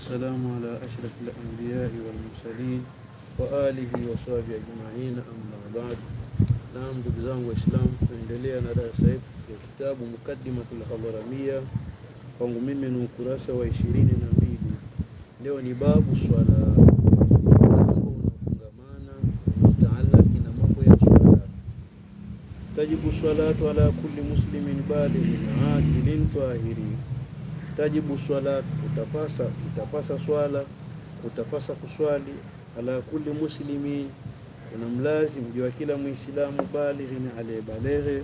wassalamu ala ashrafil anbiyai walmursalin waalihi wa ajmain, amma baad. Naam, ndugu zangu Waislamu, tunaendelea na darasa yetu ya kitabu Muqaddimatul Hadharamia. Kwangu mimi ni ukurasa wa ishirini na mbili. Leo ni babu swala tajibu salatu ala kulli muslimin balighin aakilin tahirin tajibu swala, utapasa utapasa swala, utapasa kuswali. Ala kulli muslimin, kuna mlazim jua kila Muislamu, balighin, aliyebalehe,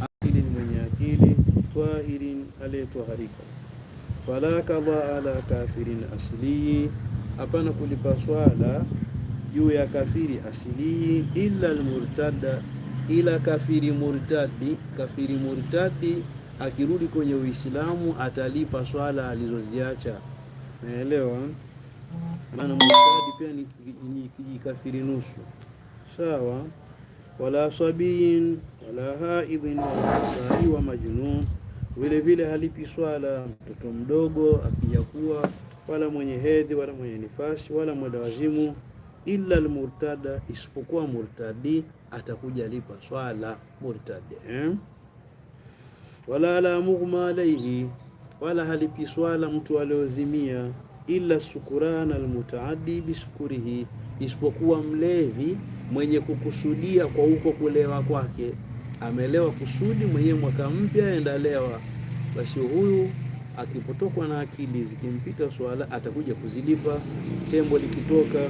akilin, mwenye akili, twahirin, aliyetwaharika. Fala kadha ala kafirin asiliyi, hapana kulipa swala juu ya kafiri asiliyi, ila almurtada, ila kafiri murtadi, kafiri murtadi akirudi kwenye Uislamu atalipa swala alizoziacha. Naelewa eh? maana mustadi pia ni, ni, ni, ni kafiri nusu sawa. Wala sabiin wala haidhin wala wa majnun, vile vile halipi swala mtoto mdogo akijakuwa, wala mwenye hedhi wala mwenye nifasi wala wazimu illa almurtada, isipokuwa murtadi atakuja lipa swala murtadi eh? wala la mughma alayhi, wala halipi swala mtu aliozimia, ila sukurana almutaaddi bisukurihi, isipokuwa mlevi mwenye kukusudia kwa huko kulewa kwake, amelewa kusudi mwenye mwaka mpya endalewa, basi huyu akipotokwa na akili zikimpita swala atakuja kuzilipa tembo likitoka.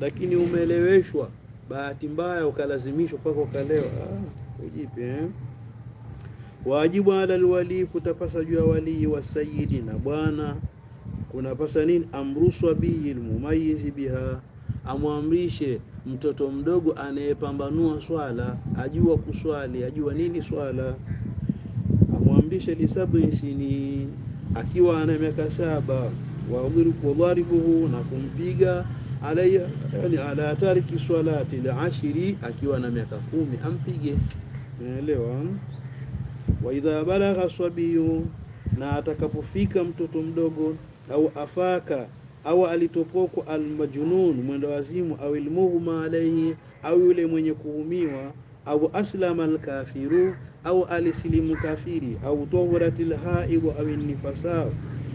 Lakini umeleweshwa bahati mbaya ukalazimishwa mpaka ukalewa, ah, ujipe eh? Wajibu ala alwalii, kutapasa juu ya walii wa sayidi na bwana kunapasa nini? Amruswa bihi lmumayizi biha, amwamrishe mtoto mdogo anayepambanua swala, ajua kuswali, ajua nini swala, amwamrishe lisabin sinin, akiwa ana miaka saba, wadharibuhu, na kumpiga ala tariki swalati lashiri, akiwa na miaka kumi ampige. Naelewa wa idha balagha sabiyu, na atakapofika mtoto mdogo, au afaka au alitopoko almajunun mwenda wazimu, au ilmuhuma alaihi, au yule mwenye kuhumiwa, au aslama alkafiru, au alisilimu kafiri, au tahurat lhaidu au nifasa,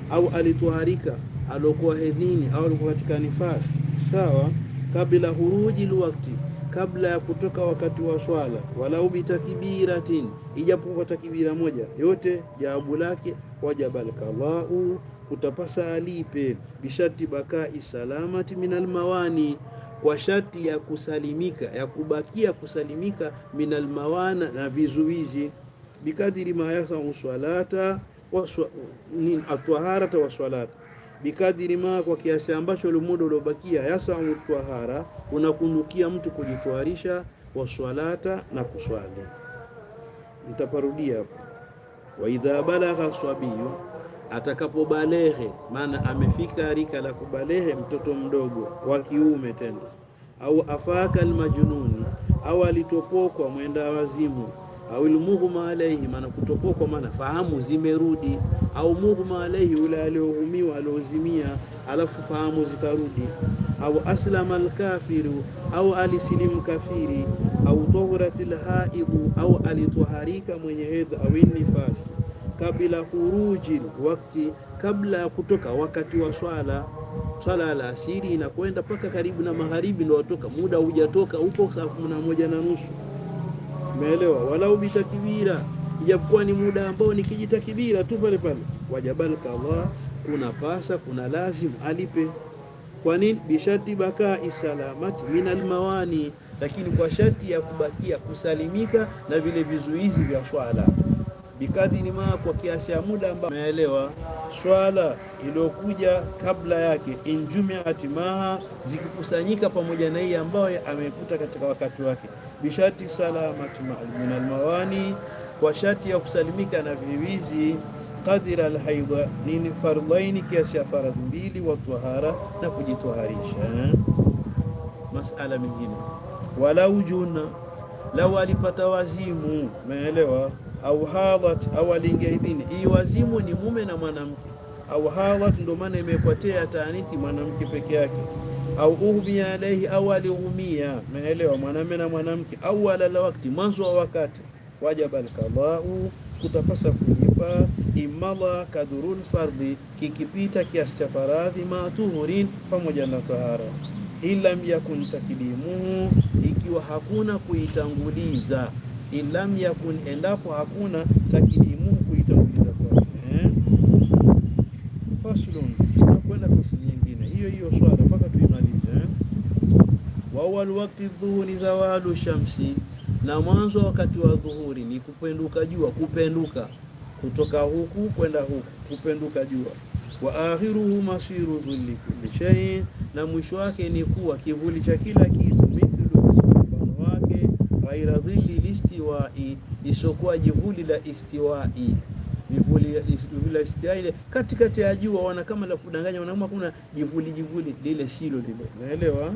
au alituharika alokuwa hedhini au alikuwa katika nifasi, sawa kabla huruji lwakti kabla ya kutoka wakati wa swala, walau bitakbiratin, ijapo kwa takbira moja yote, jawabu lake wajaba alqadau, kutapasa alipe, bishati bakai salamati minal mawani, kwa sharti ya kusalimika ya kubakia kusalimika minal mawana, na vizuizi bikadiri ma yasau swalata atwaharata wa swalata bikadiri ma, kwa kiasi ambacho lumuda uliobakia, yasahu twahara, unakundukia mtu wa swalata na kuswali. Ntaparudia hapo. Wa idha balagha swabiyu, atakapobaleghe, maana amefika rika la kubalehe, mtoto mdogo wa kiume tena, au afaka almajununi, au alitopokwa mwenda wazimu awil mughma alaihi, maana kutopokwa kwa maana fahamu zimerudi, au mughma alaihi, ule aliohumiwa aliozimia, alafu fahamu zikarudi, au aslama alkafiru, au alisilimu kafiri, au tahuratil haidu, au alitoharika mwenye hedha, au nifasi kabla khuruji wakti, kabla ya kutoka wakati wa swala swala la asiri inakwenda mpaka karibu na magharibi, ndio watoka, muda hujatoka, huko saa kumi na moja na nusu Umeelewa? walau bitakbira, ijapokuwa ni muda ambao nikijita kibira tu pale pale, wajabalka Allah, kuna pasa kuna lazimu alipe. Kwa nini? bishati baka isalamati min almawani, lakini kwa sharti ya kubakia kusalimika na vile vizuizi vya swala bikadhini maa kwa kiasi ya muda ambao umeelewa. Swala iliyokuja kabla yake injumiati maha, zikikusanyika pamoja na hii ambayo amekuta katika wakati wake bishati salamati min almawani, kwa shati ya kusalimika na viwizi. Qadira alhaidha ni fardhaini, kiasi ya faradhi mbili. Wa tahara na kujitwaharisha. Masala mengine, walau juna, lau alipata wazimu, umeelewa? Au hadhat, au aliingia Hii wazimu ni mume na mwanamke. Au hadhat, ndio maana imepotea taanithi mwanamke peke yake au ughmiya alaihi au alighumia, meelewa, mwanamume na mwanamke, au alala wakati, mwanzo wa wakati, wajaba alqadau, kutapasa kulipa, imala kadhurul fardhi, kikipita kiasi cha faradhi, matuhurin, pamoja na tahara, ilam yakun takdimuhu, ikiwa hakuna kuitanguliza, ilam yakun, endapo hakuna takdimuhu kuitanguliza awwalu waqti dhuhuri zawalu shamsi, na mwanzo wakati wa dhuhuri ni kupenduka jua, kupenduka kutoka huku kwenda huku, kupenduka jua. Wa akhiruhu masiru dhulli kulli shay'in, na mwisho wake ni kuwa kivuli cha kila kitu, mithlu mfano wake, ghaira dhilli listiwai, isokuwa jivuli la istiwai jivuli la istiwai katikati ya jua, wana kama la kudanganya, wanaona kuna jivuli jivuli lile, silo lile, naelewa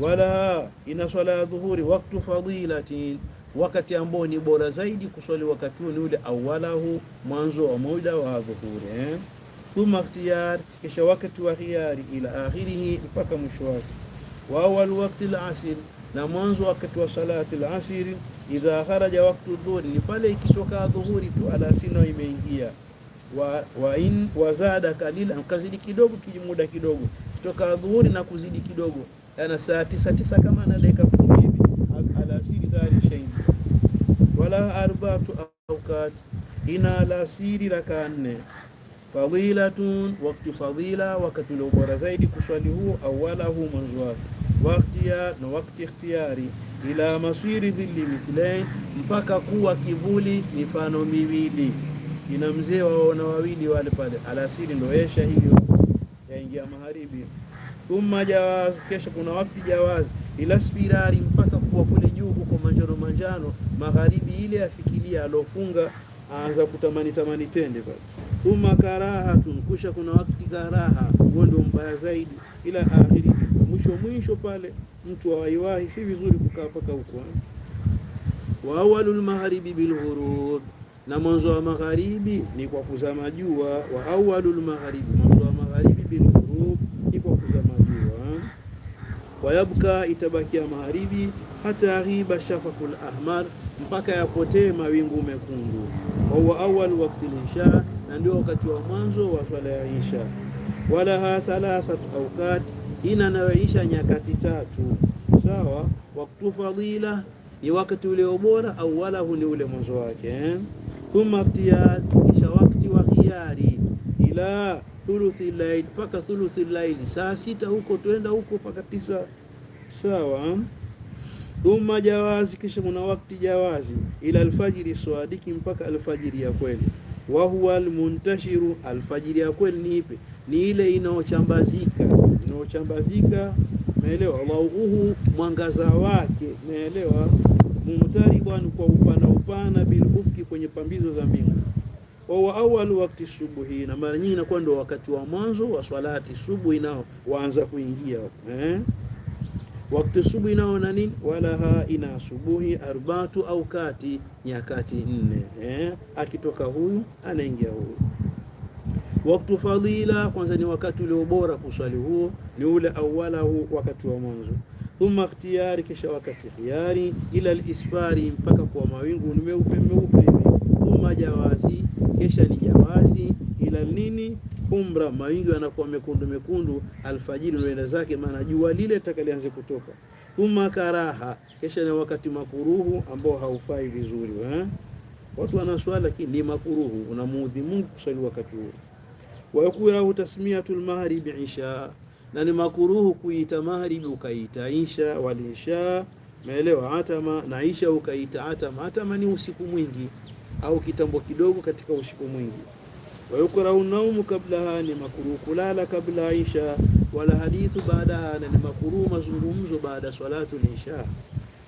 wala ina swala ya dhuhuri waktu fadilati, wakati ambao ni bora zaidi kuswali wakati huo ni ule awalahu, mwanzo wa muda wa dhuhuri eh? Thumma ikhtiyar, kisha wakati wa khiyari ila akhirihi, mpaka mwisho wake. Wa awal waqti al-asr, na mwanzo wakati wa salati al-asr. Idha kharaja waqtu dhuhuri, ni pale ikitoka dhuhuri tu, alasino imeingia. Wa, wa in wazada kalila, kazidi kidogo, kijimuda kidogo, kitoka dhuhuri na kuzidi kidogo ana saa tisa tisa kama na dakika kumi hivi alasiri tayari ishaingia. Wala arbatu awqat ina alasiri raka nne fadilatun wakti fadila wakati ule ubora zaidi kuswali huo, awalahu mwanzo wake, waktia na wakti ikhtiyari, ila maswiri dhilli mithlain, mpaka kuwa kivuli mifano miwili. Ina mzee waona wawili wale pale, alasiri ndo yesha hiyo yaingia magharibi thumma jawazi, kesho kuna wakati jawazi ila spirali, mpaka kuwa kule juu huko manjano manjano magharibi ile afikilia alofunga aanza kutamani tamani tende pale. Thumma karahatun, kusha kuna wakati karaha, huo ndio mbaya zaidi, ila akhiri, mwisho mwisho pale mtu awaiwahi, si vizuri kukaa paka huko. Eh. Wa awalul magharibi bilghurub, na mwanzo wa magharibi ni kwa kuzama jua. Wa awalul magharibi wayabka, itabakia magharibi, hata ghiba shafakul ahmar, mpaka yapotee mawingu mekundu. Wahuwa awal wakti lisha, na ndio wakati wa mwanzo wa swala ya isha. Walaha thalathat awqat, ina nayoisha nyakati tatu. Sawa, waktu fadila ni wakati ule au walahu ni ule mwanzo wake. Thumma ibtiyad, kisha wakati wa khiyari ila thuluthi laili mpaka thuluthi laili, saa sita huko twenda huko mpaka tisa, sawa. Thumma jawazi, kisha kuna wakati jawazi ila alfajiri swadiki, mpaka alfajiri ya kweli. Wa huwa almuntashiru, alfajiri ya kweli ni ipi? Ni ile inaochambazika, inaochambazika, umeelewa? Dhauuhu, mwangaza wake, umeelewa? Mumtariban, kwa upana upana, bil ufki, kwenye pambizo za mbingu wa awal wakati subuhi, na mara nyingi inakuwa ndio wakati wa mwanzo wa swalati subuhi, nao waanza kuingia eh? wakati subuhi nao na nini, walaha ina subuhi arbatu au kati nyakati nne eh? akitoka huyu anaingia huyu. Waktu fadila kwanza ni wakati ule bora kuswali, huo ni ule awala huu wakati wa mwanzo thumma ikhtiyari, kisha wakati khiyari ila alisfari, mpaka kwa mawingu ni meupe meupe, thumma jawazi Kesha ni jawazi ila nini umra, mawingu yanakuwa mekundu mekundu, alfajiri unaenda zake, maana jua lile takalianze kutoka. kuma karaha, kesha ni wakati makuruhu ambao haufai vizuri eh? Watu wanaswali lakini ni makuruhu, unamuudhi Mungu kuswali wakati huo. Wa yakurahu tasmiyatul maghribi isha, na ni makuruhu kuita maghribi ukaita isha, wal isha, umeelewa? Atama na isha ukaita atama. Atama ni usiku mwingi au kitambo kidogo katika usiku mwingi. wa yukrau naumu kablaha, ni makruhu kulala kabla isha. Wala hadithu baadaha, ni mazungumzo baada salatu isha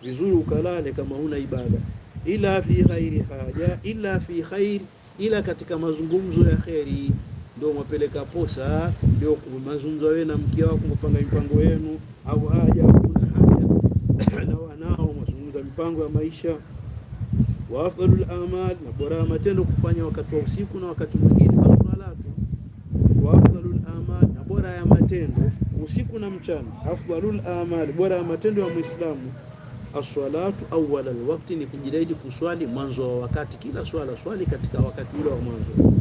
Vizuri ukalale kama una ibada, ila fi khairi haja, ila fi khair, ila katika mazungumzo ya kheri ndio mwapeleka posa, ndio mazungumzo wewe na mke wako kupanga mipango yenu, au haja kuna haja na wanao mazungumza mipango ya maisha wa afdalul amal, na bora ya matendo kufanya wakati wa usiku na wakati mwingine aswalatu. Wa afdalul amal, na bora ya matendo usiku na mchana. Afdalul amal, bora ya matendo ya Muislamu aswalatu awwala alwaqti, ni kujitahidi kuswali mwanzo wa wakati. Kila swala swali katika wakati ule wa mwanzo.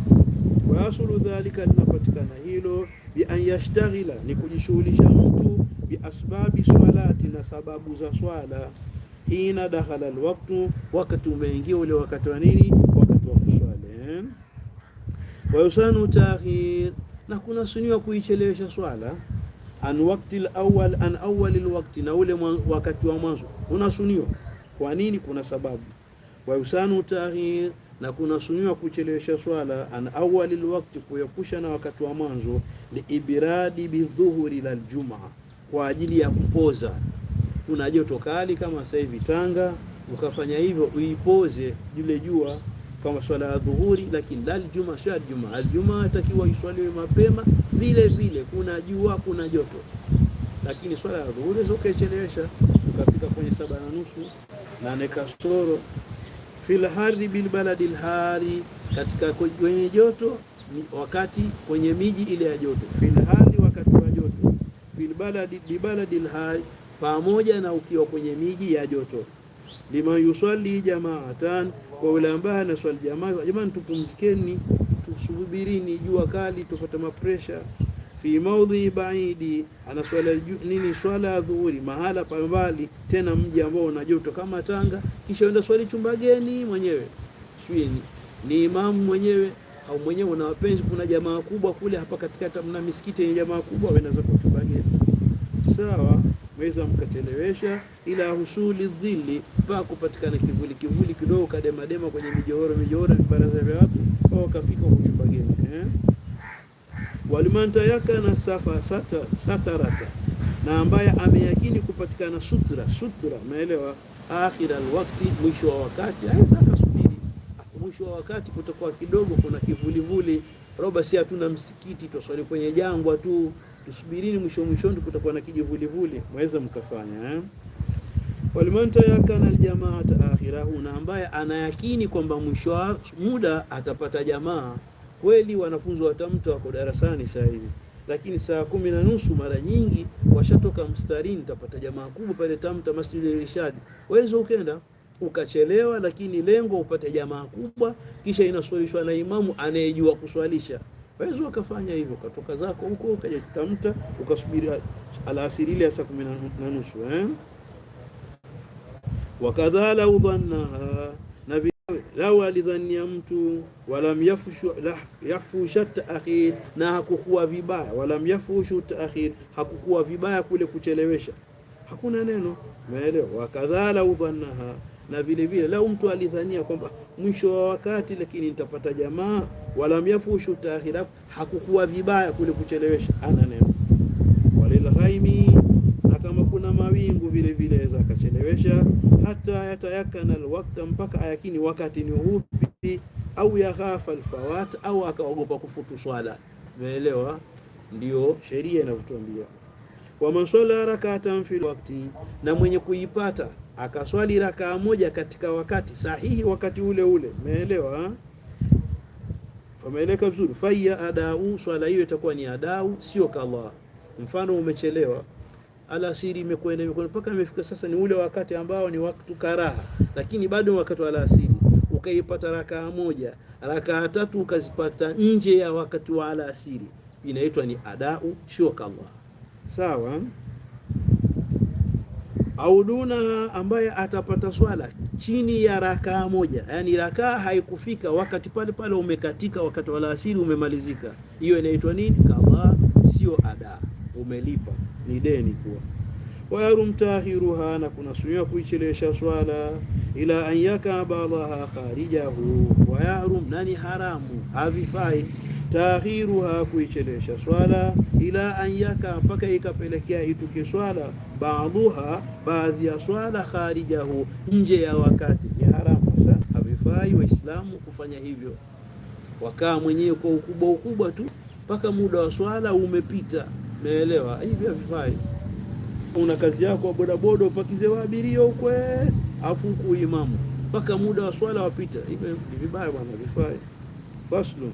Wa asulu dhalika, linapatikana hilo bi an yashtaghila, ni kujishughulisha mtu bi asbabi swalati, na sababu za swala hina dakhala alwaqtu, wakati umeingia ule wakati wa nini? Wakati wa kuswali. Wa yusanu ta'khir, na kuna sunniwa kuichelewesha swala an waqti alawwal, an awwal alwaqti, na ule wakati wa mwanzo unasuniwa. Kwa nini? Kuna sababu. Wa yusanu ta'khir na kuna kunasuniwa kuchelewesha swala an awwal lwakti, kuyakusha na wakati wa mwanzo, liibradi bidhuhuri laljuma, kwa ajili ya kupoza kuna joto kali kama sasa hivi Tanga, ukafanya hivyo uipoze yule jua kama swala ya dhuhuri, lakini dal aljuma sio aljuma. juma atakiwa iswaliwe mapema vile vile, kuna jua kuna joto, lakini swala ya dhuhuri ukaichelewesha ukafika kwenye saba na nusu nane kasoro. Fil hari bil baladi hari, katika kwenye joto wakati kwenye miji ile ya joto. Fil hari wakati wa joto. Fil baladi bi baladi hari pamoja na ukiwa kwenye miji ya joto. Liman yusalli jamaatan, kwa yule ambaye anaswali jamaa. Jamani, tupumzikeni, tusubirini jua kali, tupata mapresha fi maudhi baidi, anaswala nini? Swala ya dhuhuri mahala pa mbali, tena mji ambao una joto kama Tanga, kisha enda swali chumba geni mwenyewe, sijui ni imamu mwenyewe au mwenyewe una wapenzi. Kuna jamaa kubwa kule hapa katikati, mna misikiti yenye jamaa kubwa, wenda kuchumba geni, sawa. so, mweza mkachelewesha ila husuli dhilli mpaka kupatikana kivuli, kivuli kidogo kademadema kwenye mijohoro mijohoro vibaraza vya watu wakafika kuchumba geni eh? walimantayaka na safa sata, satarata na ambaye ameyakini kupatikana sutra sutra, umeelewa? Akhira alwakti, mwisho wa wakati eh, aweza akasubiri. Mwisho wa wakati kutakuwa kidogo kuna kivulivuli, roba si hatuna msikiti, twaswali kwenye jangwa tu. Tusubirini mwisho mwishoni, kutakuwa na kijivulivuli, mweza mkafanya eh? Waliman tayakana aljamaata akhirahu, na ambaye anayakini kwamba mwisho wa muda atapata jamaa kweli. Wanafunzi watamta wako darasani saa hizi, lakini saa kumi na nusu mara nyingi washatoka mstarini, tapata jamaa kubwa pale tamta masjid Irshad. waweza ukenda ukachelewa, lakini lengo upate jamaa kubwa, kisha inaswalishwa na imamu anayejua kuswalisha. Waweza ukafanya hivyo, katoka zako huko ukajitamta, ukasubiri alasiri ile ya saa kumi na nusu eh? wakadha lau dhannaha na lau alidhania mtu walam yafushu, yafusha taakhir, na hakukuwa vibaya. Walam yafushu taakhir, hakukuwa vibaya kule kuchelewesha, hakuna neno. Umeelewa? wakadha lau dhannaha, na vile vile lau mtu alidhania kwamba mwisho wa wakati, lakini nitapata jamaa walam yafushu taakhiraf, hakukuwa vibaya kule kuchelewesha. Ana neno walil ghaimi, na kama kuna mawingu vile vile za akachelewesha. Hata yatayakana alwakta, mpaka ayakini wakati ni upi, au yaghafa alfawat, au akaogopa kufutu swala. Umeelewa? Ndio sheria inavyotuambia waman swala rakatan fi wakti, na mwenye kuipata akaswali rakaa moja katika wakati sahihi, wakati ule ule. Umeelewa? Wameeleka vizuri, ya adau, swala hiyo itakuwa ni adau, sio kala Mfano umechelewa alasiri, imekwenda imekwenda mpaka imefika sasa, ni ule wakati ambao ni wakati karaha, lakini bado ni wakati wa alasiri, ukaipata rakaa moja, rakaa tatu ukazipata nje ya wakati wa alasiri, inaitwa ni adau, sio kala Sawa au duna ambaye atapata swala chini ya rakaa moja, yani rakaa haikufika wakati pale pale umekatika, wakati wa alasiri umemalizika, hiyo inaitwa nini? Kama sio ada, umelipa ni deni. Kuwa tahiruha na kuna kunasunia kuichelesha swala, ila an yakaba baadhaha kharijahu wayarum, nani haramu, havifai taakhiruha, kuichelesha swala, ila anyaka mpaka ikapelekea ituke swala, baadhuha, baadhi ya swala, kharijahu, nje ya wakati, ni haramu. Sasa havifai waislamu kufanya hivyo, wakaa mwenyewe kwa ukubwa ukubwa tu mpaka muda wa swala umepita. Meelewa? Hivi havifai. Una kazi yako wa bodaboda, upakize waabiria ukwe, afu kuimamu mpaka muda wa swala wapita. Hivyo ni vibaya bwana, havifai. Faslu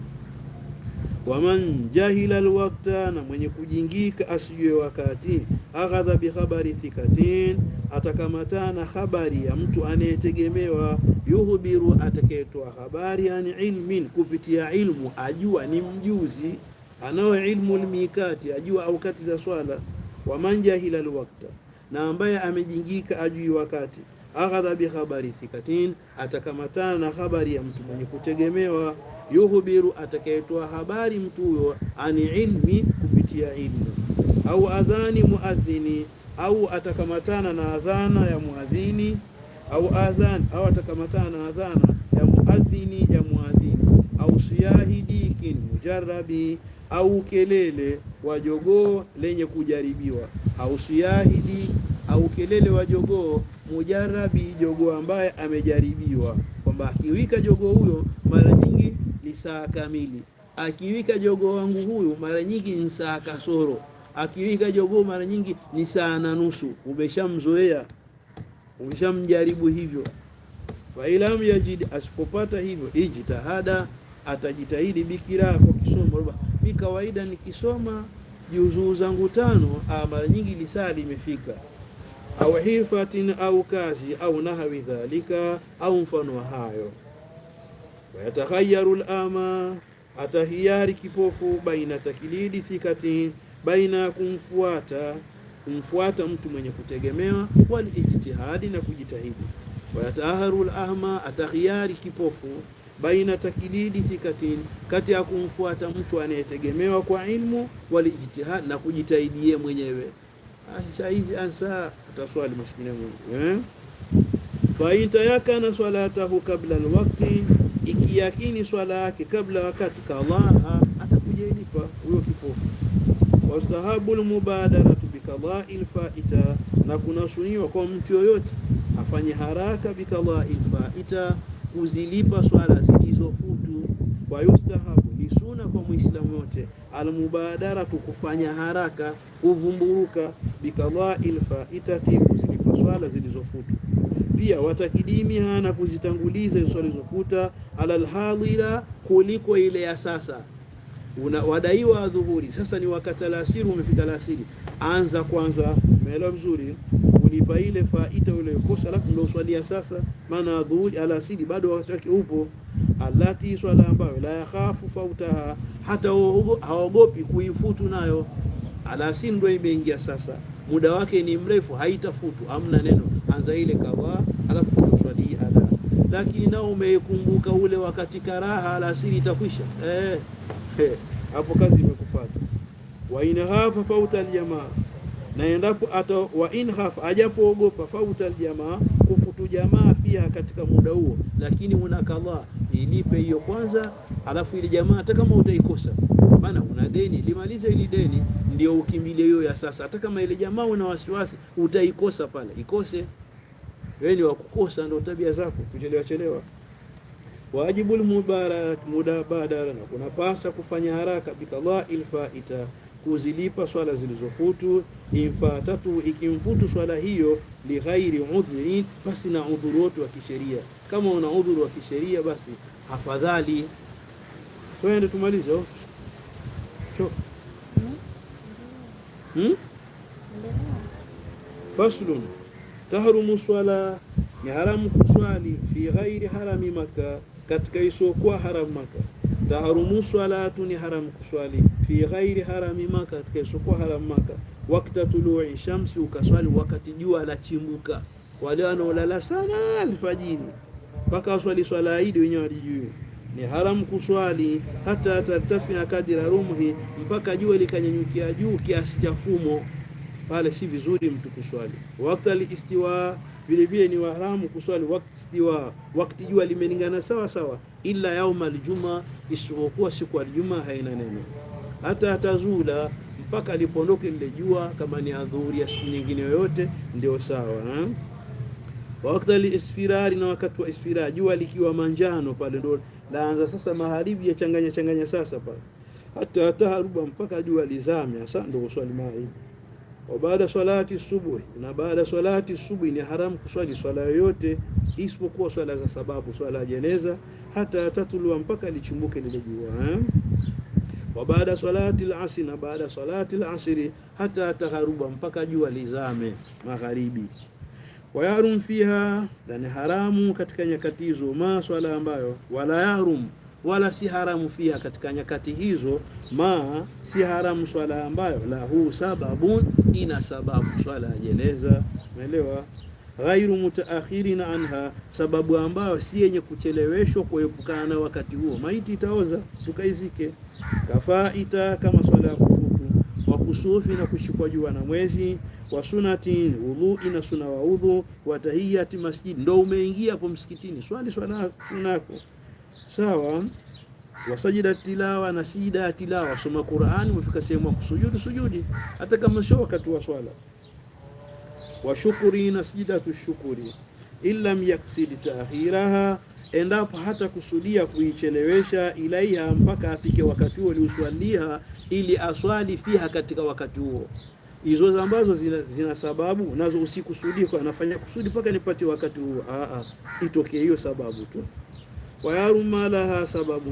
man jahila alwaqta, na mwenye kujingika asijue wakati. Aghadha bikhabari thikatin, atakamatana habari ya mtu anayetegemewa. Yuhbiru, atakayetoa habari an ilmin, kupitia ilmu, ajua ni mjuzi, anao ilmu lmikati, ajua aukati za swala. man jahila alwaqta, na ambaye amejingika ajui wakati aghadha khabari thikatin, atakamatana na habari ya mtu mwenye kutegemewa. Yuhbiru, atakayetoa habari mtu huyo, ani ilmi, kupitia ilmu, au adhani muadhini, au atakamatana na adhana ya muadhini, au adhan, au atakamatana na adhana ya muadhini ya muadhini, au siyahidikin mujarabi, au kelele wa jogoo lenye kujaribiwa, au siyahidi, au kelele wa jogoo mujarabi, jogoo ambaye amejaribiwa, kwamba akiwika jogoo huyo mara nyingi ni saa kamili, akiwika jogoo wangu huyu mara nyingi ni saa kasoro, akiwika jogoo mara nyingi ni saa na nusu. Umeshamzoea, umeshamjaribu hivyo. Failam yajid, asipopata hivyo, ijtihada, atajitahidi bikira kwa kisomo. Mi kawaida nikisoma juzuu zangu tano, ah, mara nyingi lisaa limefika au hirfatin au kazi au nahawi dhalika au mfano wa hayo. Wayatahayaru lama atahiyari kipofu baina takilidi thikati, baina kumfuata kumfuata mtu mwenye kutegemewa walijtihadi na kujitahidi. Wayataharu lahma atahiyari kipofu baina takilidi thikatin, kati ya kumfuata mtu anayetegemewa kwa ilmu walijtihadi na kujitahidi yeye mwenyewe saizi ansa ataswali maskini Mungu eh? faitayakana salatahu kabla alwakti, ikiyakini swala yake kabla wakati, kadhaha, atakuja ilipa huyo kipofu. Wastahabu lmubadaratu bikadai lfaita, na kunasuniwa kwa mtu yoyote afanye haraka bikadai lfaita, kuzilipa swala zilizofutu. Kwa yustahabu ni suna kwa muislamu yote almubadaratu, kufanya haraka, kuvumburuka bikadai lfaitati, kuzilipa swala zilizofutwa. Pia watakidimia na kuzitanguliza hizo swala zilizofuta, ala alhadira, kuliko ile ya sasa. Una wadaiwa adhuhuri, sasa ni wakati alasiri, umefika alasiri, anza kwanza. Umeelewa vizuri? kulipa ile faita uliyokosa, alafu ndio uswalia sasa, maana dhuhuri alasiri bado wakati upo. Alati swala ambayo la yakhafu fautaha, hata hawaogopi kuifutu nayo Alasiri ndio imeingia sasa, muda wake ni mrefu, haitafutu hamna neno, anza ile kadhaa, alafu kuswali ada. Lakini nao umeikumbuka ule wakati karaha, alasiri itakwisha eh, eh hapo kazi imekupata. wa in hafa fauta aljamaa, na endapo ata wa in hafa, ajapoogopa fauta aljamaa, kufutu jamaa, pia katika muda huo, lakini una kadhaa, ilipe hiyo kwanza alafu ile jamaa hata kama utaikosa bana, una deni, limaliza ile deni, ndio ukimbilie hiyo ya sasa. Hata kama ile jamaa una wasiwasi utaikosa pale, ikose. Wewe ni wakukosa, ndio tabia zako, kuchelewa chelewa. Wajibu mubarak mudabadara, na kuna pasa kufanya haraka biqada'il faita, kuzilipa swala zilizofutu. Infatatu, ikimfutu swala hiyo, li ghairi udhrin, basi na udhuru wote wa kisheria. Kama una udhuru wa kisheria, basi afadhali Twende tumalize. Oh. Cho. Hmm? Faslun tahrumu swala, ni haramu kuswali fi ghairi harami Maka, katika isokuwa haramu Maka. tahrumu swalatu, ni haramu kuswali fi ghairi harami Maka, katika isokuwa haramu Maka. Wakta tului shamsi, ukaswali wakati jua la chimbuka. Wale wanaolala sana alfajiri mpaka waswali swala idi wenyewe wajijui ni haramu kuswali hata tartafia kadira rumhi, mpaka jua likanyanyukia juu kiasi cha fumo. Pale si vizuri mtu kuswali. Wakati alistiwa vile vile ni haramu kuswali wakati istiwa, wakati jua limeningana sawa sawa, ila yauma aljuma, isipokuwa siku ya juma haina neno. Hata atazula mpaka alipondoke lile jua, kama ni adhuri ya siku nyingine yoyote ndio sawa ha? Wakati alisfirari, na wakati wa isfirari jua likiwa manjano pale ndio naanza sasa magharibi ya changanya changanya sasa pale hata haruba mpaka jua lizame. Sasa ndio swali magharibi. Wa baada salati subuhi, na baada salati subuhi ni haramu kuswali swala yoyote isipokuwa swala za sababu, swala jeneza, hata tatulua mpaka lichumbuke lile jua eh? Wa baada salati al na baada salati al-asri hata taharuba mpaka jua lizame magharibi wa yahrum fiha yani haramu katika nyakati hizo, ma swala ambayo, wala yahrum wala si haramu fiha katika nyakati hizo, ma si haramu swala ambayo lahu sababun, ina sababu swala ya jeneza, umeelewa? Ghairu mutaakhirin anha, sababu ambayo si yenye kucheleweshwa kuepukana na wakati huo. Maiti itaoza tukaizike, kafaita kama swala ya kufutu, wa kusufi na kushikwa jua na mwezi wa sunati wudhui na suna wa udhu wa tahiyati masjid, ndo umeingia hapo msikitini, swali swala nako sawa. wa sajida tilawa na sijida ya tilawa, soma Qur'ani, umefika sehemu ya kusujudu sujudi, hata kama sio wakati wa swala. Wa shukuri na sijidatu shukuri, illa yaksid taakhiraha endapo hata kusudia kuichelewesha, ilaiha mpaka afike wakati huo uliuswalia ili aswali fiha katika wakati huo hizo ambazo zina, zina sababu nazo usikusudi kwa anafanya kusudi paka nipate wakati huu. A, ah, a ah, itokee hiyo sababu tu. Wayaruma malaha sababu,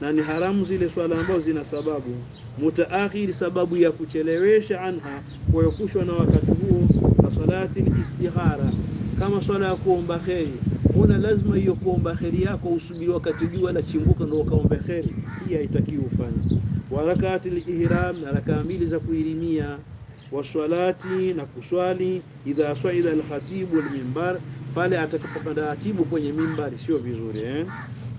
na ni haramu zile swala ambazo zina sababu mutaakhir sababu ya kuchelewesha, anha, kuepushwa na wakati huo, kasalati istihara kama swala ya kuomba khairi Una lazima hiyo kuomba khairi yako usubiri wakati jua la chimbuka ndio ukaomba khairi hii haitakiwi ufanye. Warakati ihram na rakaa mbili za kuilimia wasalati na kuswali, idha swaila alkhatibu alminbar, pale atakapopanda khatibu kwenye mimbari sio vizuri eh?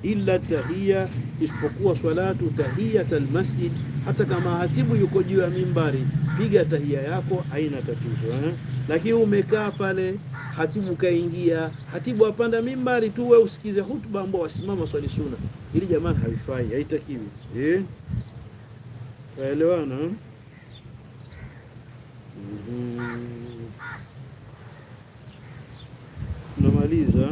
illa tahia, isipokuwa swalatu tahiyat almasjid. Hata kama hatibu yuko juu ya mimbari, piga tahia yako, haina tatizo eh? Lakini umekaa pale, hatibu kaingia, hatibu apanda mimbari tu, wewe usikize hutuba, ambao wasimama swali sunna, ili jamani, haifai, haitakiwi eh? Waelewana. Eh? namaliza eh?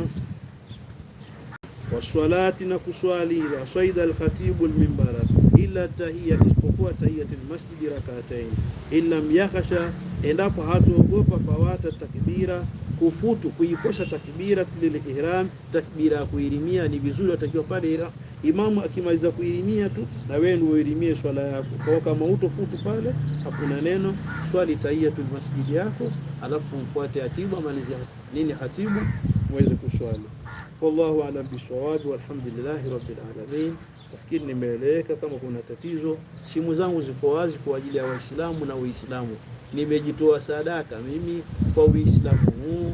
waswalati na kuswali ila swaida alkhatibu almimbara ila tahia, isipokuwa tahiyat almasjidi rakatain in lam yakhsha, endapo hatuogopa fawata takbira, kufutu kuikosa takbira tilil ihram, takbira kuirimia ni vizuri, watakiwa pale Imamu akimaliza kuilimia tu, na wewe ndio uilimie swala yako. Kwa kama utofutu pale, hakuna neno, swali tu masjidi yako, alafu mfuate hatibu, amalize nini hatibu, uweze kuswali. Wallahu a'lam bisawab, walhamdulillahi rabbil alamin. Nafikiri nimeeleweka. Kama kuna tatizo, simu zangu ziko wazi kwa ajili ya Waislamu na Uislamu. Nimejitoa sadaka mimi kwa Uislamu huu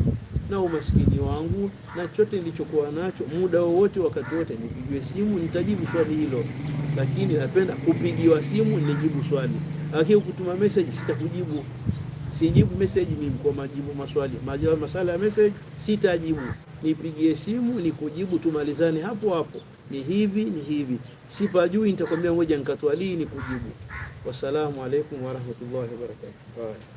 na umaskini wangu na chote nilichokuwa nacho, muda wowote, wakati wote, nipigiwe simu nitajibu swali hilo, lakini napenda kupigiwa simu nijibu swali, lakini ukutuma message sitakujibu. Sijibu message mimi kwa majibu maswali, majibu masala ya message sitajibu. Nipigie simu nikujibu, tumalizane hapo hapo, ni hivi ni hivi, sipajui nitakwambia, ngoja nikatwalii nikujibu. Wassalamu alaikum warahmatullahi wabarakatuh.